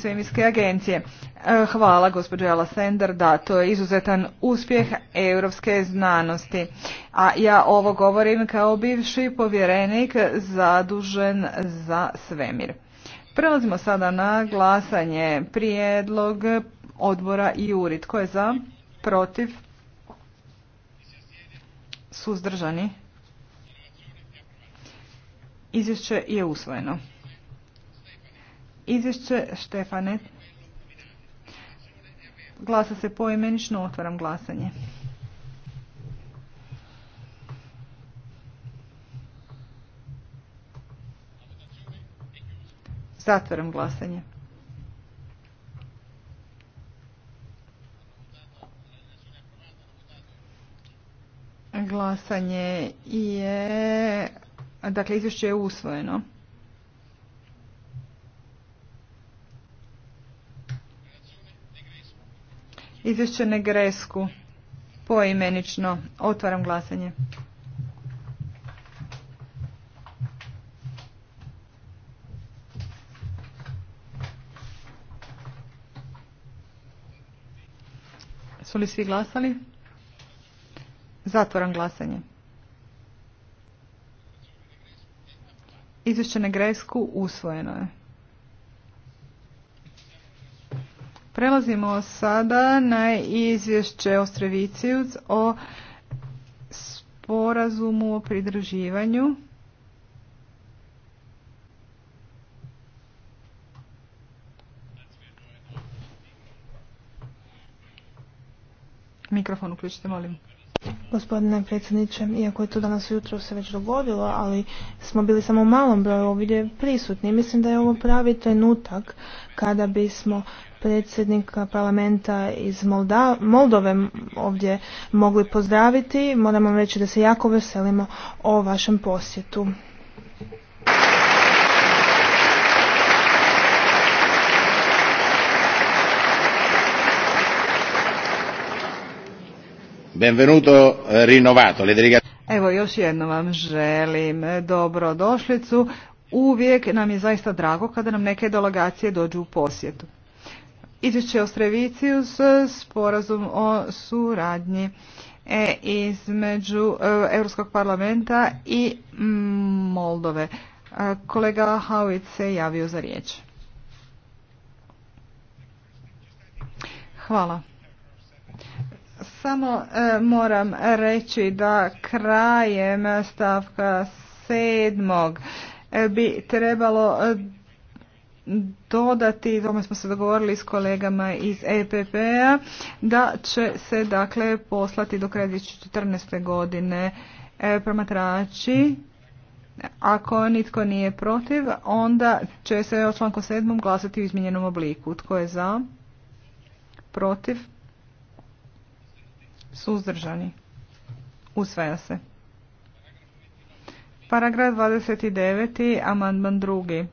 svemirske agencije. E, hvala gospođo Alasender, da to je izuzetan uspjeh europske znanosti. A ja ovo govorim kao bivši povjerenik zadužen za svemir. Prelazimo sada na glasanje prijedlog odbora JURIT. Tko je za? Protiv? Suzdržani? Izvješće je usvojeno. Izvješće Štefane. Glasa se poimenično, otvaram glasanje. Zatvaram glasanje. Glasanje je, dakle izvješće je usvojeno. izvješće Negresku poimenično. Otvaram glasanje. Su li svi glasali? Zatvoram glasanje. Izvješće Gresku, usvojeno je. Prelazimo sada na izvješće Ostrevicijuc o sporazumu o pridruživanju. Mikrofon uključite, molim. Gospodine predsjedniče, iako je to danas jutro se već dogodilo, ali smo bili samo u malom broju ovdje prisutni. Mislim da je ovo pravi trenutak kada bismo predsjednika parlamenta iz Moldove ovdje mogli pozdraviti. vam reći da se jako veselimo o vašem posjetu. Benvenuto eh, rinnovato. Evo još jednom vam želim dobrodošlicu. Uvijek nam je zaista drago kada nam neke delegacije dođu u posjetu. Izvješće o Streviciju s eh, sporazum o suradnji e, između eh, Europskog parlamenta i mm, Moldove. Kolega Howitt se javio za riječ. Hvala. Samo e, moram reći da krajem stavka sedmog e, bi trebalo e, dodati, tome smo se dogovorili s kolegama iz EPP-a, da će se dakle poslati do kraja 2014. godine promatrači. Ako nitko nije protiv, onda će se o članku sedmom glasati u izmijenjenom obliku. Tko je za? Protiv? suzdržani, usvaja se. Paragraf 29. amandman drugi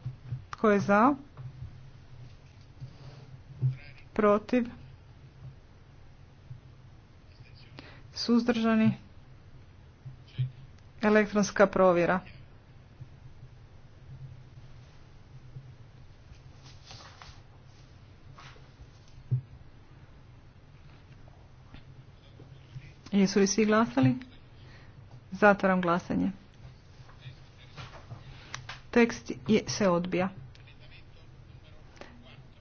Tko je za? Protiv? Suzdržani? Elektronska provjera. Jesu li svi glasali? Zatvaram glasanje. Tekst je, se odbija.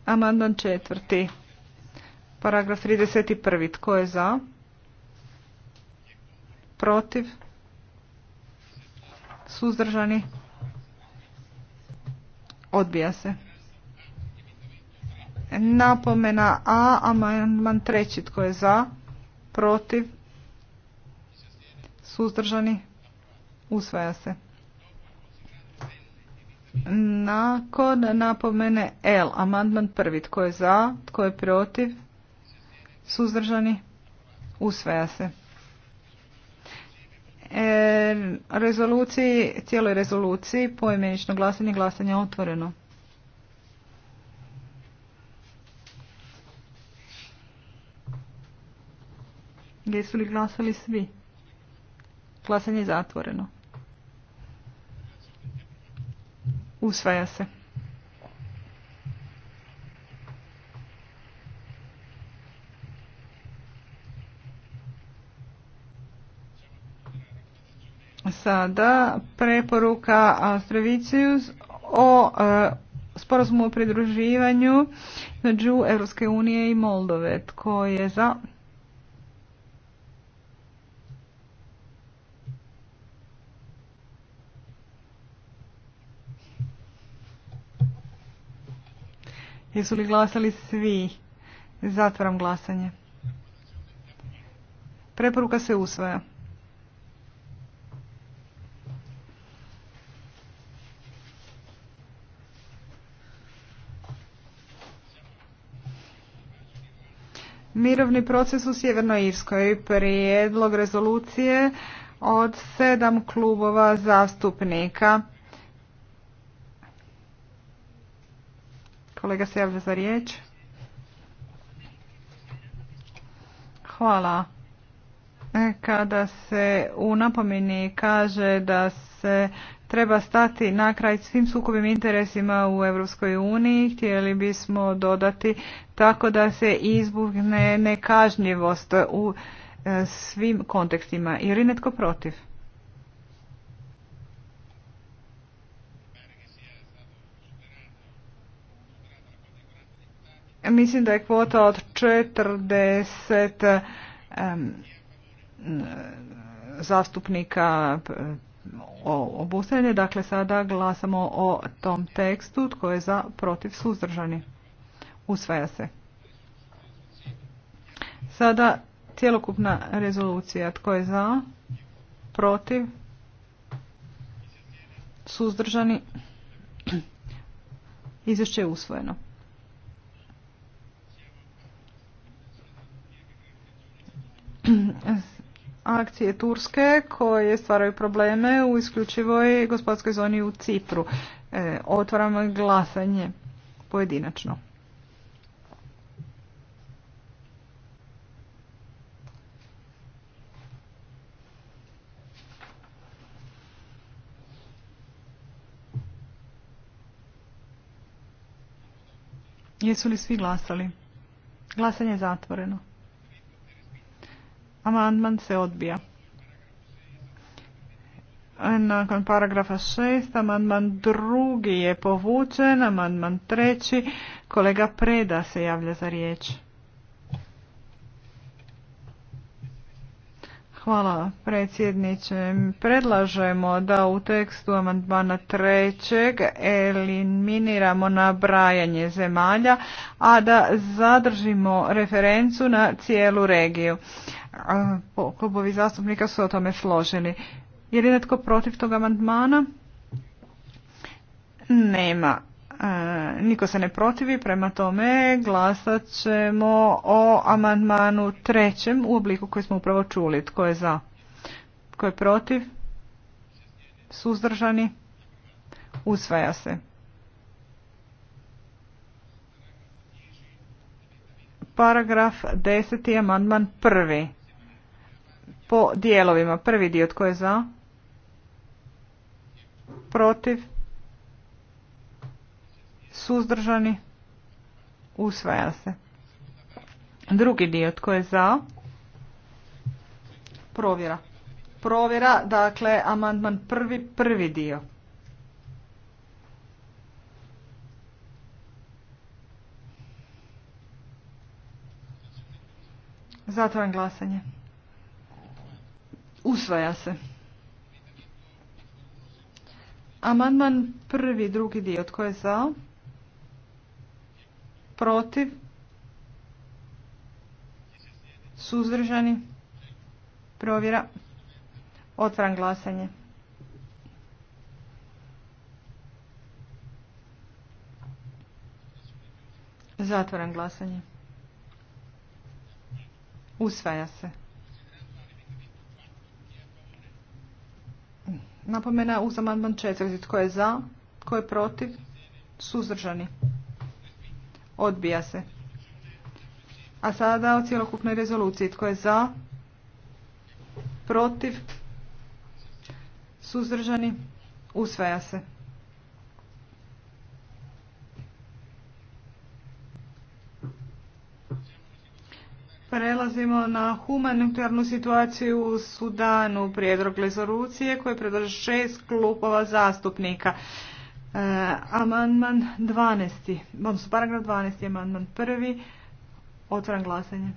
Amandman četvrti. Paragraf 31. Tko je za? Protiv? Suzdržani? Odbija se. Napomena A, amandman treći. Tko je za? Protiv? suzdržani, usvaja se. Nakon napomene L, amandman prvi, tko je za, tko je protiv, suzdržani, usvaja se. E, rezoluciji, cijeloj rezoluciji, poimenično glasanje, glasanje je otvoreno. Jesu li glasali svi? Glasanje je zatvoreno. Usvaja se. Sada preporuka Austrovicius o e, sporazumu o pridruživanju među Europske unije i Moldove. Tko je za? Jesu li glasali svi? Zatvaram glasanje. Preporuka se usvaja. Mirovni proces u Sjevernoj Irskoj. Prijedlog rezolucije od sedam klubova zastupnika. kolega se javlja za riječ. Hvala. E, kada se u napomeni kaže da se treba stati na kraj svim sukobim interesima u Europskoj uniji, htjeli bismo dodati tako da se izbugne nekažnjivost u e, svim kontekstima. Je li netko protiv? Mislim da je kvota od 40 zastupnika e, obustavljanja. Dakle, sada glasamo o tom tekstu. Tko je za, protiv, suzdržani? Usvaja se. Sada cjelokupna rezolucija. Tko je za, protiv, suzdržani? Izvješće je usvojeno. akcije Turske koje stvaraju probleme u isključivoj gospodarskoj zoni u Cipru. E, Otvaramo glasanje pojedinačno. Jesu li svi glasali? Glasanje je zatvoreno. Amandman se odbija. E, nakon paragrafa šest, amandman drugi je povučen, amandman treći, kolega Preda se javlja za riječ. Hvala predsjedniče. Predlažemo da u tekstu amandmana trećeg eliminiramo nabrajanje zemalja, a da zadržimo referencu na cijelu regiju klubovi zastupnika su o tome složeni. Je li netko protiv tog amandmana? Nema. E, niko se ne protivi, prema tome glasat ćemo o amandmanu trećem u obliku koji smo upravo čuli. Tko je za? Tko je protiv? Suzdržani? Usvaja se. Paragraf 10. amandman prvi po dijelovima. Prvi dio tko je za? Protiv? Suzdržani? Usvaja se. Drugi dio tko je za? Provjera. Provjera, dakle, amandman prvi, prvi dio. Zatvaram glasanje. Usvaja se. Amandman prvi, drugi dio. Tko je za? Protiv? Suzdržani? Provjera. Otvaram glasanje. Zatvaram glasanje. Usvaja se. Napomena uz amandman 4. Tko je za? Tko je protiv? Suzdržani. Odbija se. A sada o cjelokupnoj rezoluciji. Tko je za? Protiv? Suzdržani? Usvaja se. prelazimo na humanitarnu situaciju u Sudanu, prijedrog rezolucije koje predlaže šest klubova zastupnika. E, amandman 12. Odnosno, paragraf 12. Amandman 1. Otvaram glasanje.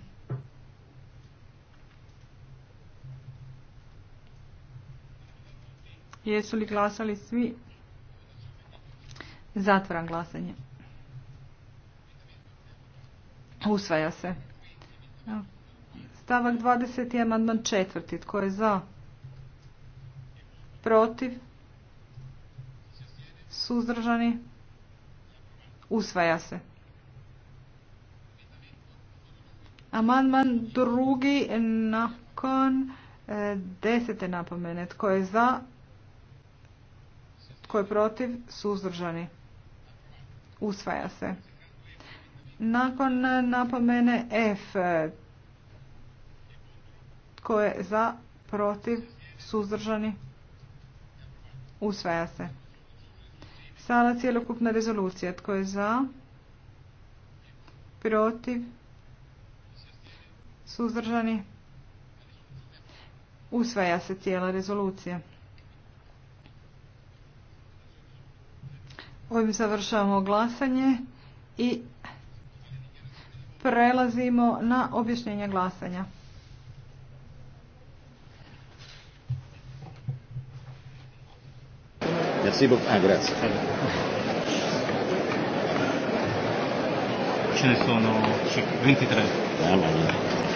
Jesu li glasali svi? Zatvaram glasanje. Usvaja se. Stavak 20. amandman četvrti. Tko je za? Protiv? Suzdržani? Usvaja se. Amandman drugi nakon e, desete napomene. Tko je za? Tko je protiv? Suzdržani? Usvaja se. Nakon e, napomene F, e, tko je za, protiv, suzdržani, usvaja se. Sada cijelokupna rezolucija. Tko je za, protiv, suzdržani, usvaja se cijela rezolucija. Ovim završavamo glasanje i prelazimo na objašnjenje glasanja. Merci beaucoup. Ah, grazie. Ce ne sono 23. Ah,